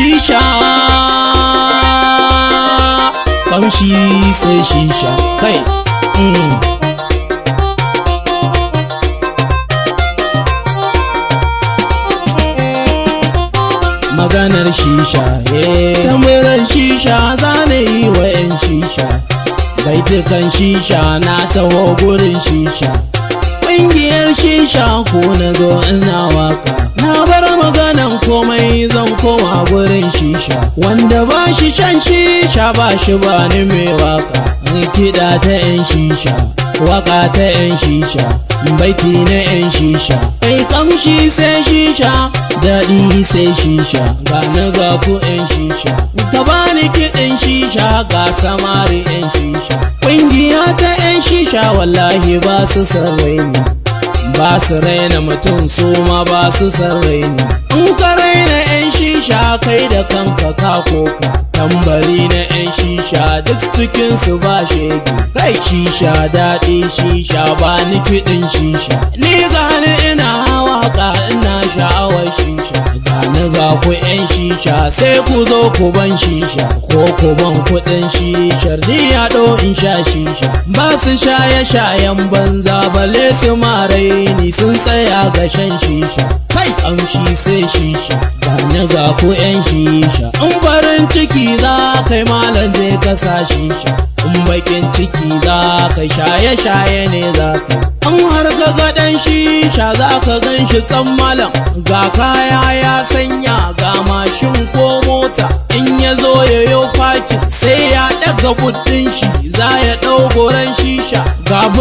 shisha kamshi sai shisha kai mm. maganar shisha eh. tamirar shisha zane yi wa 'yan shisha baitukan shisha na taho gurin shisha ƙungiyar shisha ko na zo ina waka na bar maganan komai zan koma gurin shisha wanda ba shi shan shisha ba shi ba ni mai waka kiɗa ta 'yan shisha waka ta yan shisha baiti na yan shisha kai kamshi sai shisha daɗi sai shisha ga na ga ku yan shisha ta bani kiɗin shisha ga samari yan shisha ƙungiya ta yan shisha wallahi ba su sarraini ba su raina mutum su ma ba su sarraini in ka raina 'yan shisha kai da kanka ka koka tambari na 'yan shisha duk cikin su ba shege kai shisha daɗi shisha ba ni kiɗin shisha ni gani ina hawa waka ina sha'awar shisha gani ga ku 'yan shisha sai ku zo ku ban shisha ko ku ban kuɗin shisha ni yaɗo in sha shisha ba su shaye-shayen banza bale su ma ni sun tsaya ga shan shisha kai ƙamshi sai shisha ga ku yan shisha in farin ciki za kai malam ne ka sa shisha in bakin ciki za ka shaye shaye ne za ka in har ga gaɗan shisha za ka gan shi san malam ga kaya ya sanya ga mashin ko mota in ya zo ya yo fakin sai ya daga buta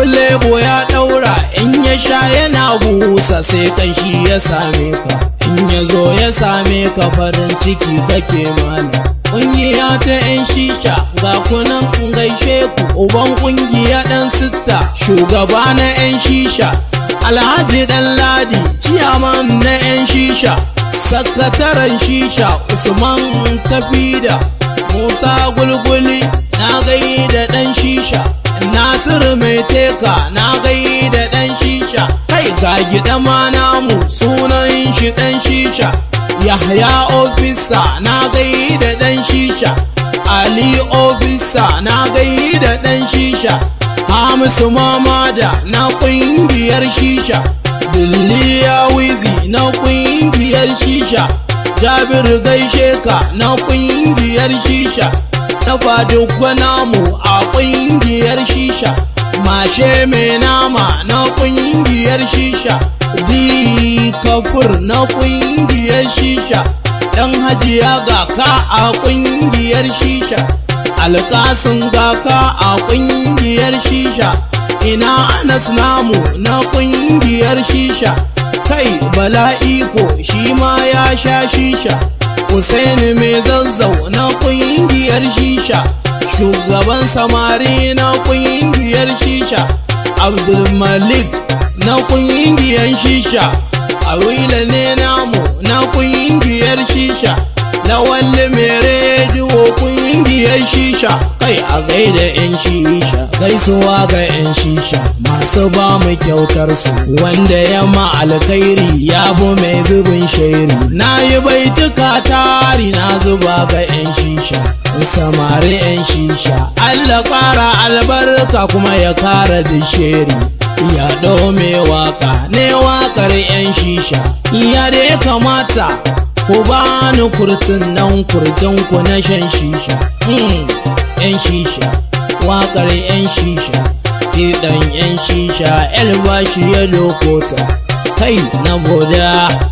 lebo ya daura in ya sha yana busa sai kanshi ya same ka in ya zo ya same ka farin ciki kake mana ƙungiya ta 'yan shisha ga kunan gaishe ku uban ƙungiya ɗan sitta shugaba na 'yan shisha alhaji ɗan ladi ciyaman na 'yan shisha sakataren shisha usman tafida musa gulguli na gaida da ɗan shisha nasiru mai teka na gai da ɗan shisha kai ga gida ma namu sunan shi ɗan shisha Yahya ofisa na gai da ɗan shisha ali ofisa na gai da ɗan shisha hamisu mamada na ƙungiyar shisha billi na ƙungiyar shisha jabiru gaishe ka na ƙungiyar shisha na fadi namu a ƙungiyar shisha mashe mai nama na kungiyar shisha di na kungiyar shisha dan hajiya ya ka a kungiyar shisha alkasin gaka a kungiyar shisha ina anas namu na kungiyar shisha kai bala'iko shi ma ya sha shisha Usaini mai zazzau na kungiyar shisha shugaban samari na kungiyar shisha abdulmalik na kungiyar shisha awila ne namu na kungiyar shisha lawal mere duwo kungiyar shisha kai a gaida 'yan shi su ga 'yan shisha masu ba mu kyautar su wanda ya ma alkhairi ya bu mai zubin shairi na yi baituka tari na zuba ga 'yan shisha samari 'yan shisha allah kara albarka kuma ya kara da sheri ya mai waka ne wakar 'yan shisha ya da ya kamata ku bani kurtin nan kurtinku na shan shisha hmm, 'yan shisha wakar yan shisha kiɗan yan shisha elba shi ya lokota kai na boda